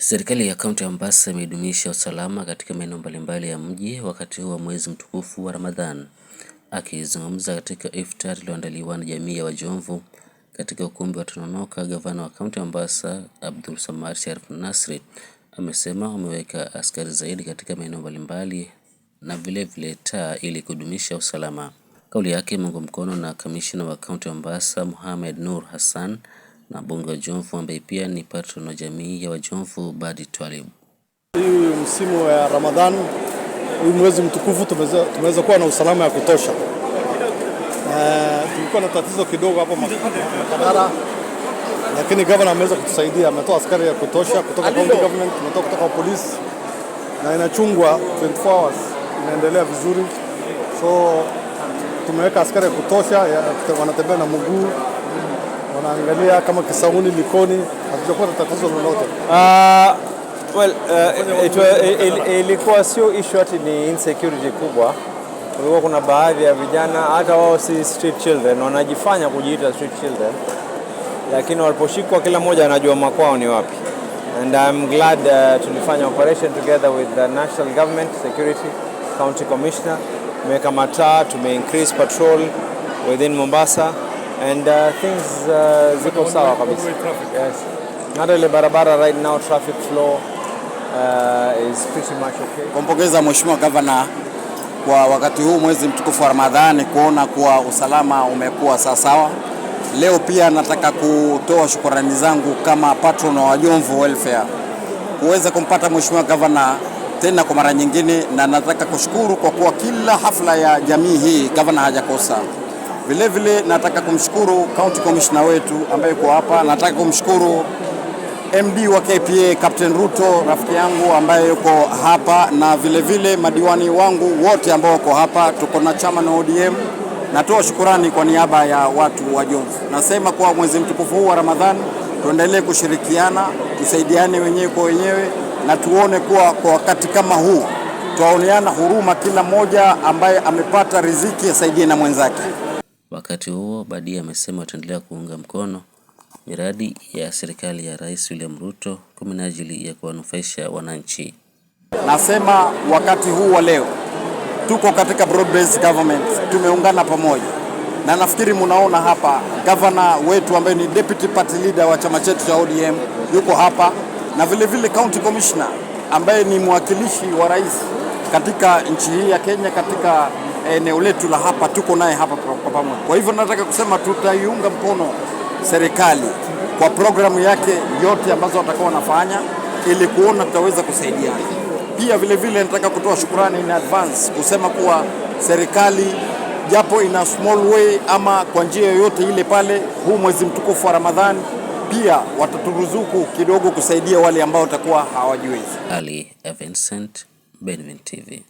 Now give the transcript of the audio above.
Serikali ya kaunti ya Mombasa imedumisha usalama katika maeneo mbalimbali ya mji wakati huu wa mwezi mtukufu wa Ramadhan. Akizungumza katika iftar iliyoandaliwa na jamii ya Wajomvu katika ukumbi wa Tononoka, gavana wa kaunti ya Mombasa Abdul Samad Sharif Nasri amesema wameweka askari zaidi katika maeneo mbalimbali na vilevile taa ili kudumisha usalama. Kauli yake imeungwa mkono na kamishna wa kaunti ya Mombasa Mohamed Nur Hassan na Bongo Jomvu ambaye pia ni patron wa jamii ya Wajomvu Badi Twalib. Hii msimu wa ramadhan huu mwezi mtukufu, tumeweza kuwa na usalama ya kutosha. Uh, tulikuwa na tatizo kidogo hapo Makadara, lakini governor ameweza kutusaidia, ametoa askari ya kutosha kutoka county government, ametoa kutoka polisi na inachungwa 24 hours, inaendelea vizuri, so tumeweka askari ya kutosha, wanatembea na mguu wanaangalia kama Kisauni, Likoni hatujakuwa na tatizo lolote. Ah, eh, eh, eh, ilikuwa sio issue ati ni insecurity kubwa. Kulikuwa kuna baadhi ya vijana hata wao si street children, wanajifanya kujiita street children, lakini waliposhikwa kila mmoja anajua makwao ni wapi. And I'm glad uh, tulifanya operation together with the national government security county commissioner, tumeweka mataa, increase patrol within Mombasa and uh, things uh, ziko sawa kabisa. Yes. Hata ile barabara right now traffic flow uh, is pretty much okay. Kumpongeza Mheshimiwa Gavana kwa wakati huu mwezi mtukufu wa Ramadhani kuona kuwa usalama umekuwa sawasawa. Leo pia nataka kutoa shukrani zangu kama patron wa Jomvu Welfare kuweza kumpata Mheshimiwa Gavana tena kwa mara nyingine, na nataka kushukuru kwa kuwa kila hafla ya jamii hii Gavana hajakosa. Vilevile nataka kumshukuru County Commissioner wetu ambaye yuko hapa. Nataka kumshukuru MD wa KPA Captain Ruto, rafiki yangu ambaye yuko hapa, na vilevile vile madiwani wangu wote ambao wako hapa. Tuko na chama na ODM. Natoa shukurani kwa niaba ya watu wa Jomvu. Nasema kwa mwezi mtukufu huu wa Ramadhani tuendelee kushirikiana, tusaidiane wenyewe kwa wenyewe, na tuone kuwa kwa wakati kama huu twaoneana huruma, kila mmoja ambaye amepata riziki asaidie na mwenzake. Wakati huo, Badi amesema wataendelea kuunga mkono miradi ya serikali ya Rais William Ruto kwa minajili ya kuwanufaisha wananchi. Nasema wakati huu wa leo tuko katika broad based government, tumeungana pamoja na nafikiri munaona hapa gavana wetu ambaye ni deputy party leader wa chama chetu cha ODM yuko hapa, na vile vile county commissioner ambaye ni mwakilishi wa rais katika nchi hii ya Kenya katika eneo letu la hapa, tuko naye hapa kwa pamoja. Kwa hivyo nataka kusema tutaiunga mkono serikali kwa programu yake yote ambazo watakuwa wanafanya ili kuona tutaweza kusaidiana. Pia vile vile nataka kutoa shukrani in advance kusema kuwa serikali japo ina small way ama kwa njia yoyote ile, pale huu mwezi mtukufu wa Ramadhani pia wataturuzuku kidogo kusaidia wale ambao watakuwa hawajiwezi. Ali Vincent, Benvin TV.